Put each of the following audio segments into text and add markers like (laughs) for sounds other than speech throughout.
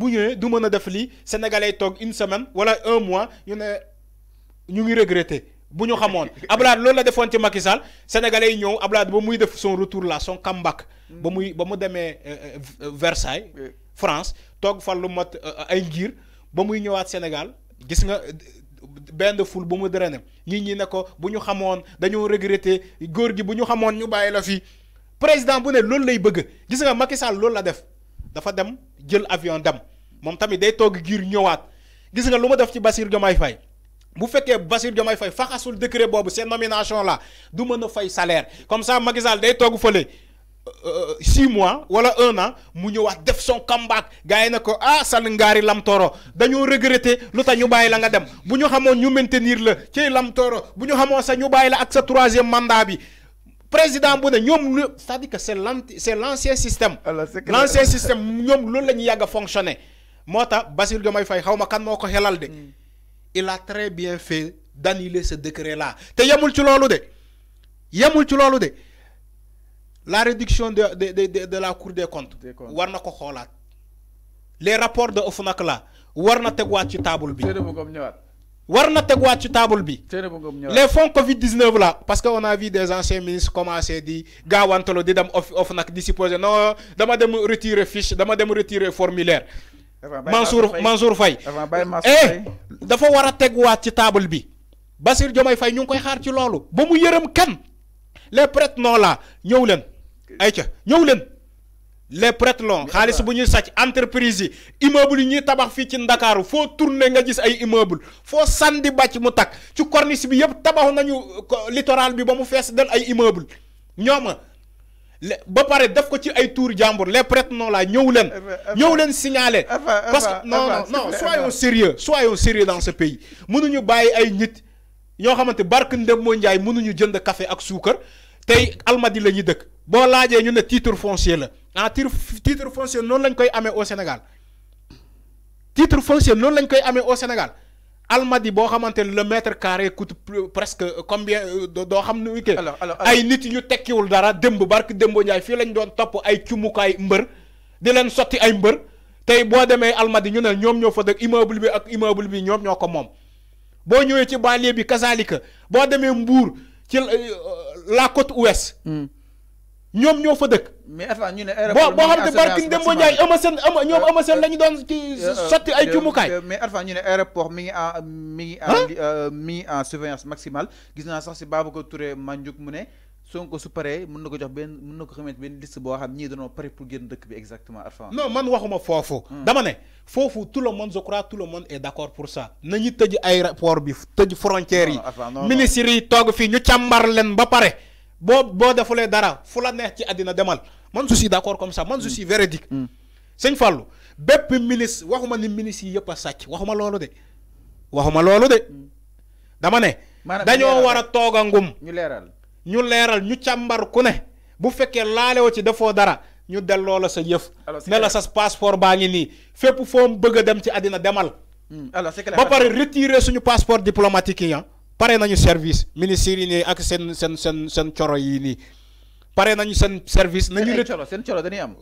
bu du def sénégalais tok une semaine wala un mois ñu ne ñu ngi regretter bu ñu xamone (laughs) la ci sénégalais ba muy def son retour là son comeback mm. ba muy ba mu euh, euh, euh, Versailles France tok fallu lu mat ay ngir ba muy ñëwaat Sénégal gis nga. ful bu mu nit ñi ne bu ñu xamoon dañoo regretter góor gi bu ñu xamoon ñu la président bu ne lay bëgg gis nga la def dafa dem jël avion dem moom tamit day toog giir ñëwaat gis nga lu ma def ci basir Diomaye Faye bu fekkee basir Diomaye Faye faxasul décret boobu seen nomination la du mën a fay salaire comme ça Macky Sall day toog fële 6 euh, euh, mois wala 1 an mu ñëwaat def son comeback gars yi na ko ah sal ngaari lam toro dañoo regretté lu tax ñu bàyyi la nga dem bu ñu xamoon ñu maintenir la ci lam toro bu ñu xamoon sa ñu bàyyi la ak sa troisième mandat bi président bu ne ñoom c'est-à-dire que c'est l'ancien système l'ancien système ñom loolu lañu ñuy yàgg a fonctionner moo tax Bassirou Diomaye xaw ma kan moo ko xelal de hmm. il a très bien fait d'annuler ce décret là te yamul ci loolu de yamul ci loolu de la réduction de de de de la cour des comptes war na ko xoolaat les rapports de OFNAC là war na tegwaat ci table bi na ci bi. les fonds Covid 19 là parce qu'on a vu des anciens ministres commencer di gaawantaloo di dem of of nak di supposé non dama dem retirer fiche dama dem retirer formulaire. Mansour Mansour fay eh dafa wara a ci table bi. basir Diomaye fay ñu koy xaar ci ba mu les prêtres non là ñew les prêtres l'ont Khalis bu ñuy sàcc entreprise yi immeuble ñi tabax fi ci ndakaaru fo tourner nga gis ay immeuble foo sandi bàcc mu tak ci corniche bi yeb tabax nañu littoral bi ba mu fees del ay immeuble ñoma ba paré def ko ci ay tour jambour les prêtres non la ñew leen ñew leen signaler parce que non non soyons sérieux soyons sérieux dans ce pays mënuñu bayyi ay nit ño xamanté bark ndem moo njaay mënuñu jënd café ak sucre tay almadi lañu dëkk bo laajé ñu ne titre foncier la ah titre titre foncier noonu lañ koy amee au Sénégal titre foncier noonu lañ koy amee au Sénégal almadi boo xamante ne le mètre carré coûte presque euh, combien euh, doo xam nu kii ay nit yu tekkiwul dara démb barke démb Ndiaye fii lañ doon topp ay cumukaay mbër di leen sotti ay mbër tey boo demee almadi ñu ne ñoom ñoo fa dëkk immeuble bi ak immeuble bi ñoom ñoo ko moom boo ñëwee ci banlieue bi kasaalika boo demee Mbour ci euh, la côte ouest. Hmm. ñom ñoo fa dëkk. mais enfin ñu né aéroport bo xam ne barki Demba Ndiaye ama seen ama ñoom ama seen la ñu doon ci euh, euh, soti ay cumukaay. mais enfin ñu né aéroport mi ngi en euh, mi ngi en hein? mi en surveillance maximale gis na sax si Babacar Touré manjuk mu né Sonko su paree mën na ko jox ben mën na ko xamante ben liste bo xam ñi dañu paré pour génn dëkk bi exactement Arfan. non man waxuma fofu hmm. dama né fofu tout le monde je crois tout le monde est d'accord pour ça. nañu tëj aéroport bi tëj frontière yi. ministère yi toog fii ñu chambar leen ba paré bon, boo defulee dara fula la neex ci adina demal man je suis d'accord comme ça man je mm. suis véridique. Mm. seigne Fallou bép ministre waxuma ni ministre yi yëpp a waxuma lolu dé waxuma lolu dé mm. dama né dañoo wara toga ngum. ñu léral ñu léral ñu càmbar ku ne bu fekkee laalewoo ci defo dara ñu delloo la sa yëf. né la sa passeport baa ngi nii fépp foo bëgg dem ci adina demal. ba pare retirer suñu passeport diplomatique yi ah paré nañu service ministère ni ak sen sen sen sen coro yi ni paré nañu sen service. nañu coro sen coro dañuy am.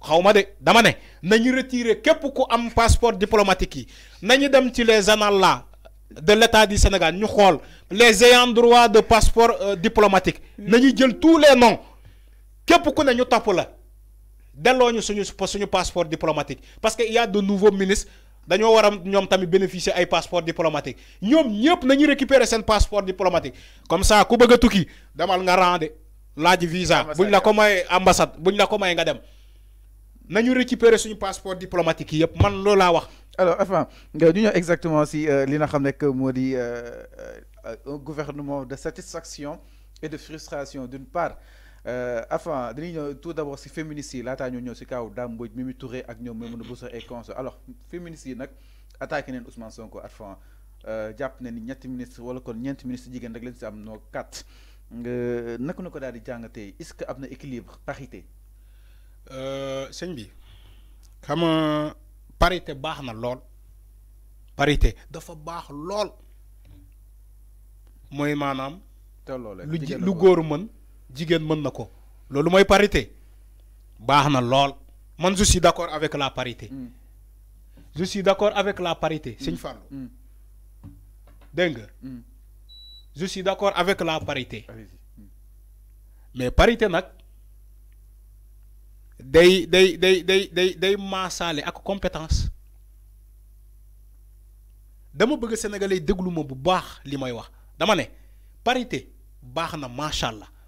xawma de dama ne nañu retirer képp ku am passeport diplomatique yi nañu dem ci les annales là de l'état du Sénégal ñu xol les ayants droit de passeport euh, diplomatique. nañu jël tous les noms képp ku nañu top la delloo ñu suñu suñu passeport diplomatique parce que il y a de nouveaux ministres dañoo war a ñoom bénéficier ay passeport diplomatique ñoom ñëpp nañu récupérer seen passeport diplomatique comme ça ku bëgg a tukki demal nga rende visa buñ la ko may ambassade buñ la ko may nga dem nañu récupérer suñu passeport diplomatique man wax alors enfin ñu ñëw exactement si euh, li nga xam euh, euh, un gouvernement de satisfaction et de frustration d'une part Euh, avant dañuy ñëw tout d' abord si féministes yi laataa ñoo ñëw si kaw Dame Mbodj Mimi Touré ak ñoom Maimouna Bousso et consorts alors féministes yi nag attaqué neen Ousmane son at fond jàpp ne ni ñetti ministre wala kon ñeenti ministre jigéen rek lañ si am noo nak na ko daal di jàngatee est ce que am na équilibre parité. Euh, sëñ bi xam nga parité baax na lool parité dafa baax lool mooy maanaam. lu lu góor mën. jigen mën na ko loolu mooy parité baax na lool man je suis d' accord avec la parité. Hmm. je suis d' accord avec la parité sëñ hmm. Fallou. Hmm. dégg nga. je suis d' accord avec la parité. mais parité nag day day day day day day maasaale ak compétence dama bëgg sénégalais déglu ma bu baax li may wax dama ne parité baax na macha allah.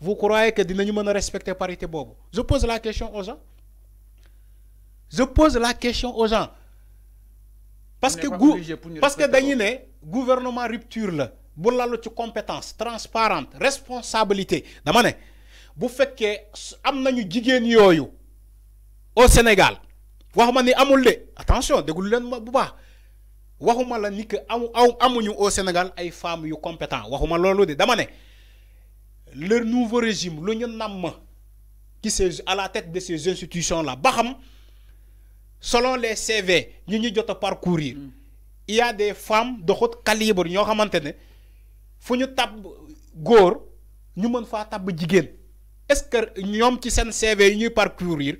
vous croyez que dinañu mën respecter respecter parité boobu je pose la question aux gens je pose la question aux gens parce que parce que dañu gouvernement rupture la bu de ci compétence transparente responsabilité dama vous bu que am nañu jigéen au Sénégal waxuma ni amul de attention déglu vous ma bu baax waxuma la ni que amuñu au Sénégal ay femmes yu compétent waxuma loolu de dama ne leur nouveau régime l'Union ñu qui est à la tête de ces institutions là selon les CV que ñu jot parcourir mm. il y a des femmes de haut calibre ñoo xamante ne fu ñu tabb góor nous mën faire des est-ce que ñoom ci s'en CV nous ñuy parcourir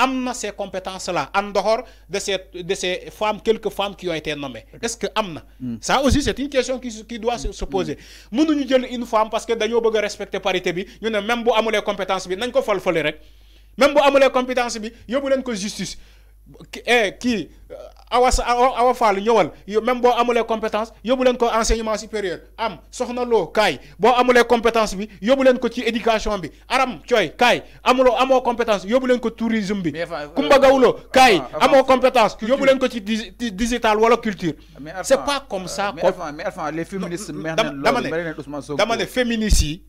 Amna, ces compétences là en dehors de ces de ces femmes quelques femmes qui ont été nommées est-ce que amna hmm. ça aussi c'est une question qui qui doit se poser. Hmm. nous jël une femme parce que nous bëgg respecté respecter parité bi ñu même bu nous compétences bi nañ ko fal les rek même bu les compétences, bi ko justice eh ki eh, awa awa Fall ñëwal même bo amulé compétence yóbbu leen ko enseignement supérieur am soxna lo kay bo amulé compétence bi yóbbu leen ko ci éducation bi aram choy kay amulo amo compétence yóbbu leen ko tourisme bi. Euh, Kumba Gawlo euh, kay euh, amo compétence. yóbbu leen ko ci digital wala culture. c'est pas comme ça. mais enfin, les féministes dama ne dama né féministes yi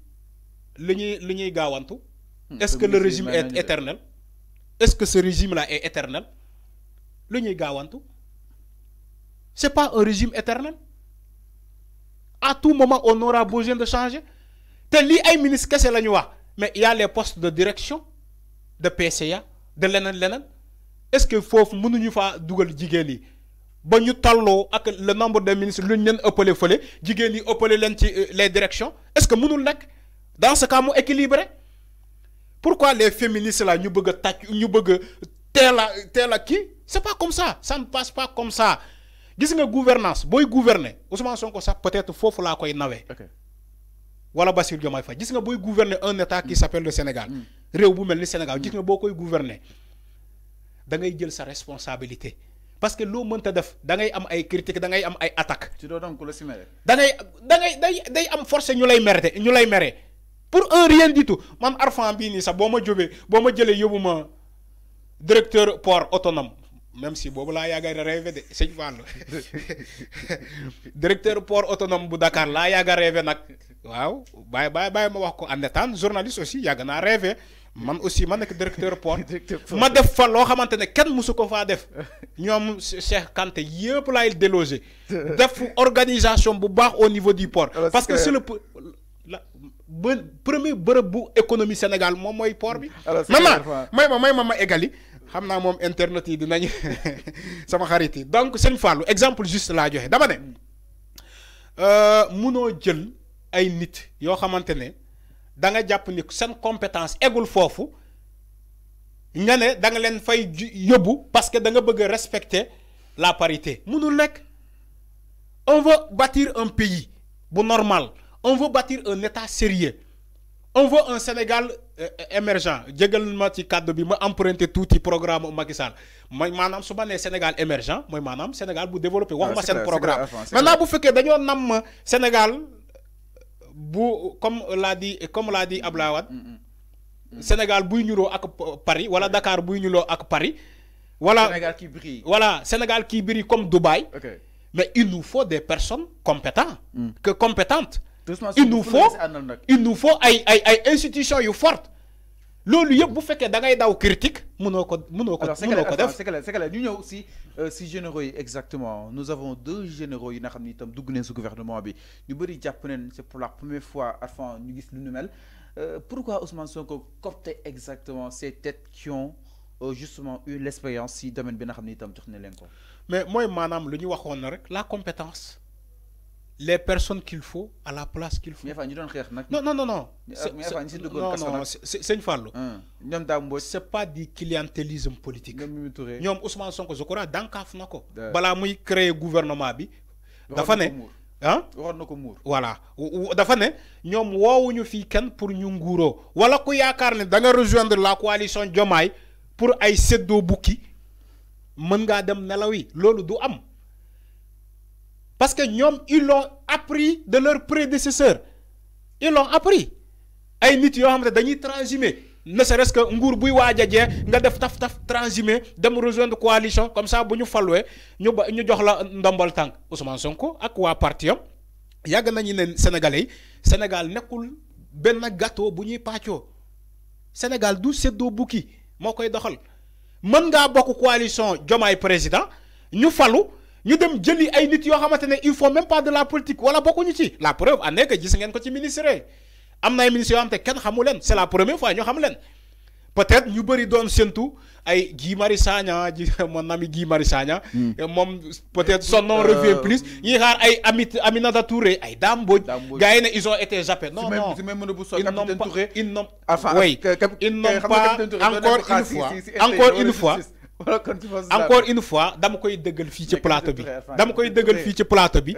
li ñuy li hmm, est-ce que le régime est éternel. est-ce que ce régime là est éternel. Le ñuy c'est pas un régime éternel à tout moment on aura besoin de changer te lii ay ministre quest la ñu mais il y a les postes de direction de PCA de l'ENEN, l'ENEN. est-ce que faut, mënuñu nous dugal jigéen yi Si nous talloo ak le nombre de ministres lu ñu leen ëppale fële yi euh, les directions est-ce que mënul nekk dans ce cas mu équilibré pourquoi les féministes là ñu bëgg a tàcc ñu bëgg c'est pas comme ça ça ne passe pas comme ça gis nga gouvernance Vous gouverner Ousmane Sonko Ça, peut-être foofu laa koy nawee wala Bassirou Diomaye Faye gis nga vous gouverner un état qui mm. s'appelle le Sénégal mm. réew bu Sénégal mm. gis nga boo koy gouverner da ngay jël sa responsabilité parce que loo monte def da ngay am ay critiques da ngay am ay attaques. Tu doo donc le si da ngay da ngay day day am force ñu lay pour un rien du tout man Arfan bini nii sax boo ma jógee directeur port autonome même si bobu la yàgg a rêvé de sëñ Fallou directeur port autonome bu Dakar la yàgg a rêvé nak waaw bay bay bàyyi ma wax ko en étant journaliste aussi yàgg naa rêvé man aussi man (laughs) directeur port ma def fa lo xamante ken musuko fa def ñom Cheikh Kanté yëpp laay déloger def organisation bu baax au niveau du port parce que c'est le premier bërëb bu économie Sénégal mom moy port bi maman may ma may ma ma égali xamna mom internet yi dinañ (laughs) sama xarit yi donc sëñ fallu exemple juste là joxe dama ne euh, munoo jël ay nit yo xamantene da nga japp ni sen compétence eggul fofu nga ne da nga len fay yobu, parce que da nga bëgg respecter la parité munul nek on veut bâtir un pays bu normal on veut bâtir un état sérieux on veut un Sénégal émergent djegal ma ci de bi ma tout ce programme Macky Sall moy manam su ma Sénégal émergent moy manam Sénégal bu développer ah, waxuma sen programme maintenant bu que dañoo nam Sénégal bu comme l'a dit comme l'a dit Abdoulaye mm, mm, mm, Sénégal buy ñuloo ak Paris wala Dakar buy ñuloo ak Paris voilà Sénégal qui brille voilà Sénégal qui brille comme Dubaï mais il nous faut des personnes compétentes que compétentes il nous faut il nous faut ay ay institution yu forte loolu yëpp bu fekkee da ngay daw critique mënoo ko mënoo ko mënoo ko def c'est que c'est que ñu ñëw si euh, si généraux exactement nous avons deux généraux yi nga xam ni dugg su gouvernement bi ñu bari japp neen c'est pour la première fois avant ñu gis lu ñu mel euh, pourquoi Ousmane Sonko copte exactement ces têtes qui ont euh, justement eu l'expérience si domaine bi nga xam ni jox ne len ko mais moy manam lu ñu waxoon rek la compétence les personnes qu'il faut à la place qu'il faut. Non, non, non, non. C'est une hein, C'est pas du clientélisme politique. Nous Ousmane Sonko, je dans Kafnako. Bala créé créer gouvernement bi. Dafane. Hein? Ah? Voilà. Dafane, nous sommes pour ñu voilà Wala ko sommes rejoindre la coalition pour ay seddo bouki. Mën nga dem nelawi. am. Parce que ñoom ils l'ont appris de leurs prédécesseurs ils l'ont appris ay nit yoo xam ne dañuy transhumer ne serait-ce que nguur buy waaj a jeex nga def taf taf transhumer de rejoindre coalition comme ça bu Nous falwee ñu ba ñu jox la ndombal tank. Ousmane Sonko ak waa parti am yàgg nañu ne Sénégalais Sénégal nekkul ben gâteau bu ñuy Sénégal du séddoo bukki mo koy doxal mën nga bokk coalition jomay président ñu falu ñu dem jëli ay nit yo il faut même pas de la politique wala ñu ci la preuve en est que gis ngeen ko ci ministère amna ay ministres yoo kenn c'est la première fois ñu xam len peut-être ñu bari doon sentu ay Guy marisanya ji (laughs) mon ami Guy marisanya hmm. mom peut-être son nom revient euh, plus ñi xaar ay Amit Aminata Touré ay Dame Mbodj ils ont été zappés non non ils n'ont pas ils n'ont pas encore une fois encore une fois encore une fois dama koy dëggal fii ci plateau bi dama koy dëggal fii ci plateau bi